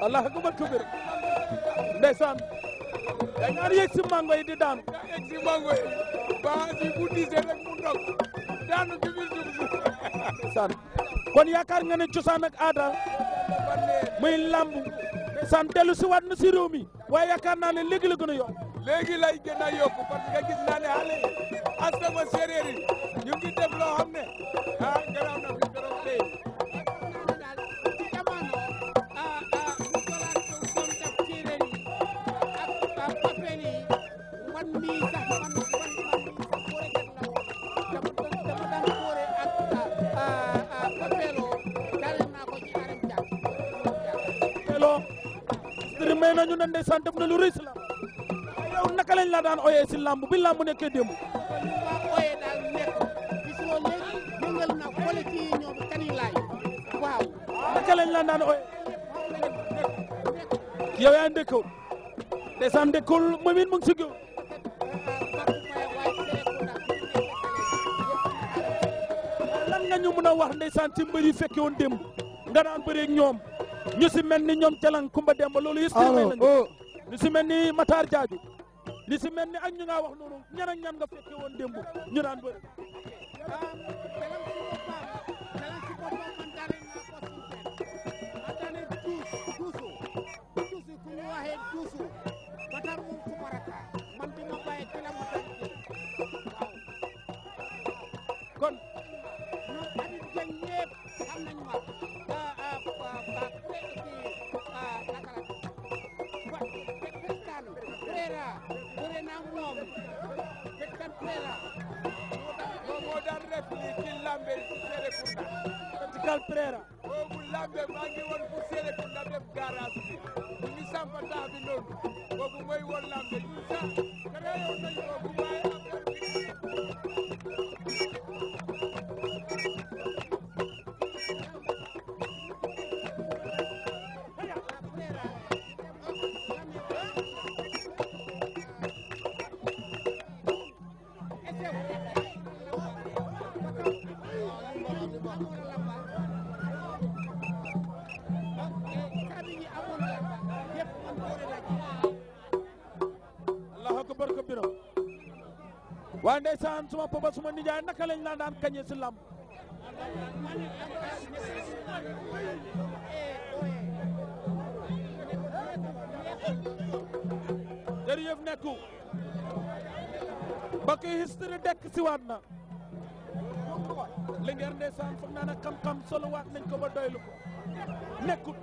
allah akbar kabir ndeysaan da ñaan si mango yi di daanu da yëg si mango yi ba si bu diisee rek mu daanu ci biir san kon yaakaar nga ne cosaan ak aada muy lamb san dellu si waat na si réew mi waaye yaakaar naa ne léegi la gën a léegi lay gën a yokk parce que gis naa ne xale yi astama séeréer yi ñu ngi def loo ne ah garaaw na fi garaaw oye nañu ne ndeysaan def la lañ la daan oyee si lamb bi lamb nekkee démb. oye daal nekk gis nga léegi na boole ci daan oyee. yow si géew. lan nga ñu nga daan bëree ñoom. ñu si mel ni ñoom Jalang Kumba Demba loolu yëpp filmé mel ni Matar Jaaju li si mel ni ak ñu nga wax noonu ñan ak nga fekke woon ñu naan bëri label ci Serekunda vertical prera boobu label maa ngi woon pour Serekunda def garage bi bu sampa taa bi noonu boobu mooy woon label ñu sax créé nañ boobu waaye waaye ndeysaan suma papa suma nijaay naka lañ la daan kañe si lamb jërëjëf nekku mbokk yi history dekk si waat na li ngeen ndeysaan foog naa ne xam-xam solo waat nañ ko ba doylu ko nekkut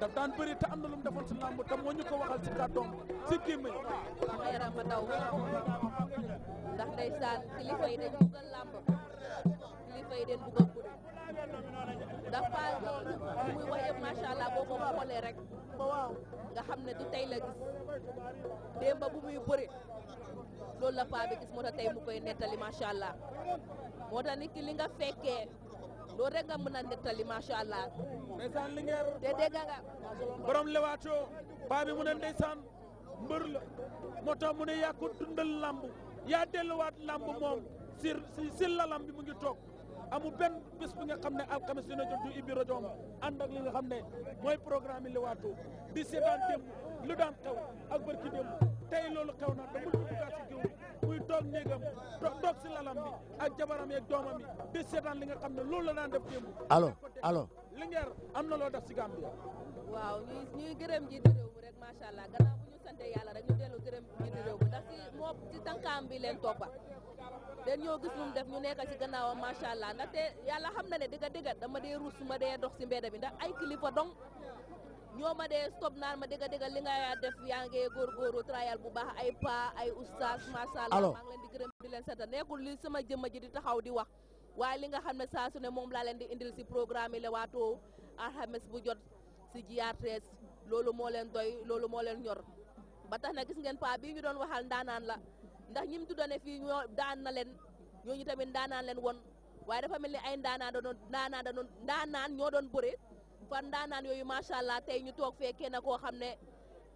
daf daan bëri te am na lu defoon si lamb te moo ñu ko waxal si kàddoom si gémmiñ ndax ndeysaan kilifa yi dañ bugg a làmb kilifa yi dañ bugg muy wax yëpp macha allah boo ko xoolee rek nga xam ne du tey la gis démb bu muy bëri loolu la paa gis moo tax tey mu koy nettali macha allah moo tax nit ki nga fekkee loolu rek nga mën a nettali macha allah. te dégg nga. borom lewaatoo paa bi mu ne ndeysaan mbër la moo tax mu ne yàqu dundal làmb. yaa delluwaat làmb moom si si lalam bi mu ngi toog amul benn bés bi nga xam ne alxames dina jot du ibbi rajoom li nga xam ne mooy programme yi Leewtoo di seetaan démb lu daan xew ak barki te tey loolu xew na damul bu duggaat si muy toog néegam toog si lalam bi ak jabaram yeeg doomam yi di seetaan li nga xam ne loolu la daan def démb alo alo li ngeer am na loo def si Gambia waaw ñuy ji di rek macha allah lislaam bi leen toppa den ñoo gis lu mu def ñu nekk ci gannaawam macha allah ndaxte yàlla xam na ne dëgg dëgg dama dee ruus ma dee dox si mbedd bi ndax ay kilifa dong ñoo ma dee stop naan ma dëgg dëgg li nga def yaa ngi góorgóorlu trial bu baax ay pa ay oustaz macha allah maa ngi leen di gërëm di leen seetal nekkul li sama jëmma ji di taxaw di wax waaye li nga xam ne saa su ne moom laa leen di indil si programme yi Leewtoo alxames bu jot si GRTS loolu moo leen doy loolu moo leen ñor ba ndax ñi mu tuddane fii ñoo daan na leen ñooñu tamit ndaanaan leen woon waaye dafa mel ni ay ndaanaan da daanaan ñoo doon bëre fan ndaanaan yooyu macha allah tey ñu toog fee kenn koo xam ne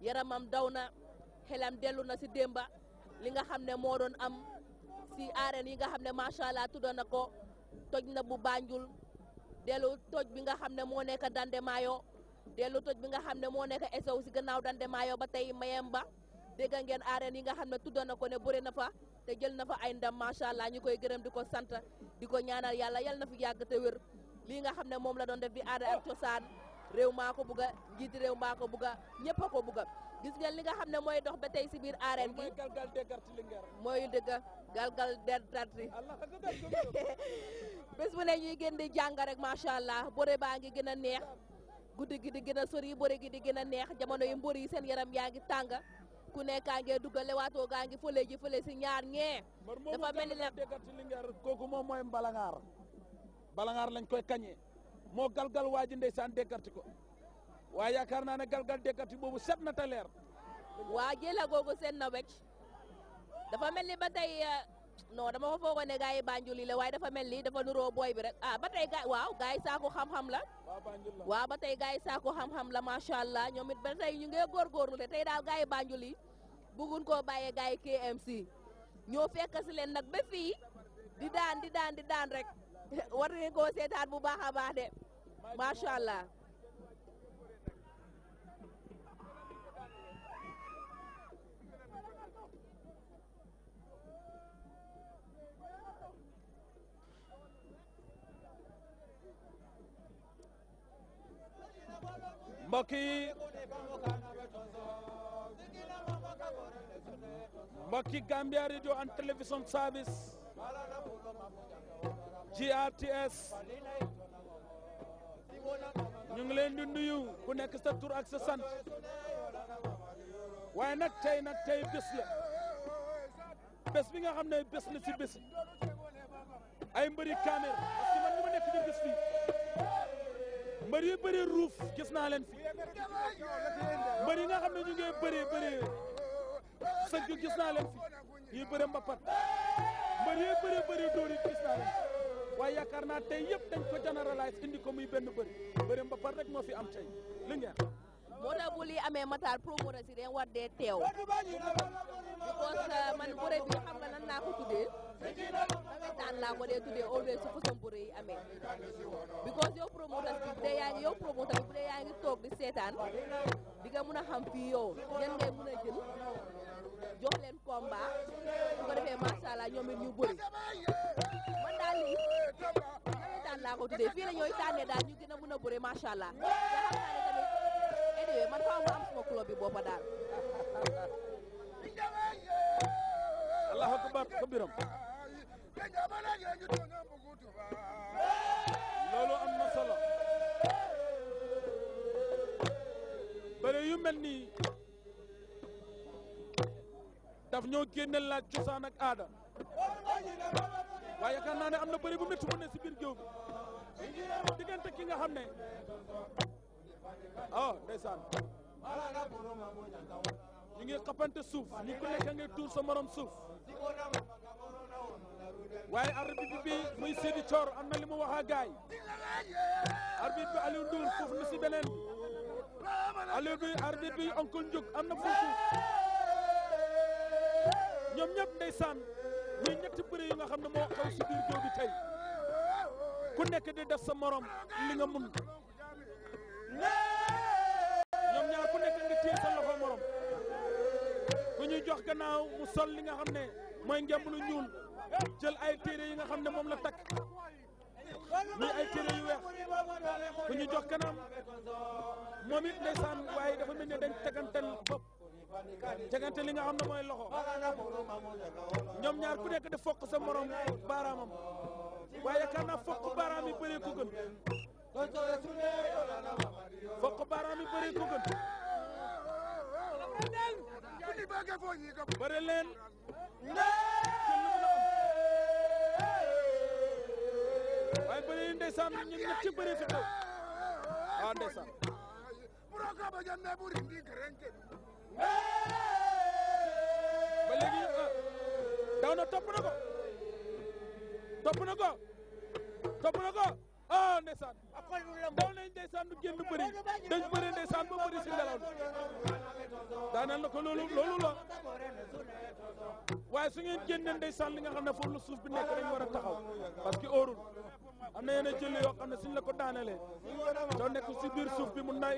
yaramam daw na xelam dellu na si démba li nga xam ne moo doon am si arène yi nga xam ne macha allah tuddoon na ko toj na bu Banjul dellu toj bi nga xam ne moo nekk Dandemaayo dellu toj bi nga xam ne moo nekk Esow si gannaaw Dandemaayo ba tey Mayemba. dégg ngeen arène yi nga xam ne tuddoon na ko ne bëri na fa te jël na fa ay ndam macha allah ñu koy gërëm di ko sant di ko ñaanal yàlla yal na fi yàgg te wér lii nga xam ne moom la doon def di aada ak cosaan réew maa ko bugg a njiiti réew maa ko bugg ñëpp a ko bugg gis ngeen li nga xam ne mooy dox ba tey si biir arène bi mooy dëgg galgal dertarti bés bu ne ñuy gën di jàng rek macha allah bëre baa ngi gën a neex guddi gi di gën a sori bëre gi di gën a neex jamono yi mbër yi seen yaram yaa ngi tàng ku nekkaa ngee dugal lewaatoo gaa ngi fële ji fële si ñaar ñee dafa mel ni nag déggat si lingeer kooku moom mooy mbalangaar lañ koy kañee moo galgal waa ji ndeysaan déggarti ko waaye yaakaar naa ne galgal déggarti boobu set na te leer waa ji la seen na wecc dafa mel ni non dama ko foogoon ne gars yi Banjul yi la waaye dafa mel ni dafa nuroo booy bi rek ah ba tey gars waaw gaay yi saako xam la waaw ba tey gars yi saako xam la macha allah ñoom it ba tey ñu ngi góorgóorlu te tey daal gars yi Banjul yi bëgguñ koo bàyyee gars yi KMC ñoo fekk si leen nag ba fii di daan di daan di daan rek war ngeen koo bu baax a baax de macha allah Maki yi Gambia Radio and Television Service GRTS ñu ngi leen di nuyu ku nekk sa tur ak sa sant waaye nag tey nag tey bés la bés bi nga xam ne bés la si bés ay mbëri caméra parce que man ñu ma nekk di bés fii mbër yu bëri ruuf gis naa leen fi mbër yi nga xam ne ñu ngi bëri bëri sëgg gis naa leen fi yi bëri mbapat mbër yi bëri bëri dóor gis naa leen fi waaye yaakaar naa tey yëpp dañ ko généraliser indi ko muy benn bëri bëri mbapat rek moo fi am tey li ngeen moo tax bu lii amee Matar promoteurs yi dañ war dee teew because uh, man bëre bi xam nga nan naa ko tuddee nawetaan laa ko dee tuddee always su façon bu rëy amee because yow promoters bi bu dee yaa ngi yow promoteur bi bu dee yaa ngi toog di seetaan di nga mun a xam fii yow yan ngay mun a jël jox leen combat su ko defee macha allah ñoom it ñu bëri man daal lii nawetaan laa ko tuddee fii la ñooy tànnee daal ñu gën a mun a bëri macha allah nga xam naa ne tamit anyway man faaw mu am suma club bi boppa daal allahu akbar kabiram loolu am na solo bëre yu mel daf ñoo génneel laaj cosaan ak aada waaye yaakaar naa ne am na bëri bu métti bu si biir géew bi diggante ki nga xam ne oh ndeysaan ñu ngi xappante suuf ñu ko nekk ngay tuur sa suuf waaye arbitre bi muy Sidi Thior am na li mu wax a gaay arbitre bi Aliou Ndour foofu na si beneen Aliou bi arbitre bi oncle Ndiouk am na foofu ñoom ñëpp ndeysaan muy ñetti bëri yu nga xam ne moo xew si biir bi tey ku nekk di def sa morom li nga mun ñoom nekk nga téye sa loxo jox gannaaw mu sol li nga xam ne mooy ngemb lu jël ay téere yi nga xam ne moom la takk lii ay téere yu weex bu ñu jox kanam moom it ndeysaan waaye dafa mel ne dañ tegantel bopp tegante li nga xam ne mooy loxo ñoom ñaar ku nekk di fokk sa morom baaraamam waaye yaakaar naa fokk baaraam yi bëree ko gën fokk baaraam yi bëree ko gën bëri leen. ndeysaan ñun ñëpp ci bëre fi xew ah ndeysaan ba léegi ah, daw na topp na ko topp na ko topp na ko ah ndeysaan daw nañ ndeysaan du génn bëri dañ bëri ndeysaan bëri si ngelaw na ko loolu loolu la waaye su ngeen génnee ndeysaan li nga xam ne foofu la suuf bi nekk dañ taxaw parce que am na yeneen jël yoo xam ne suñ la ko daanalee doo nekk si biir suuf bi mun naa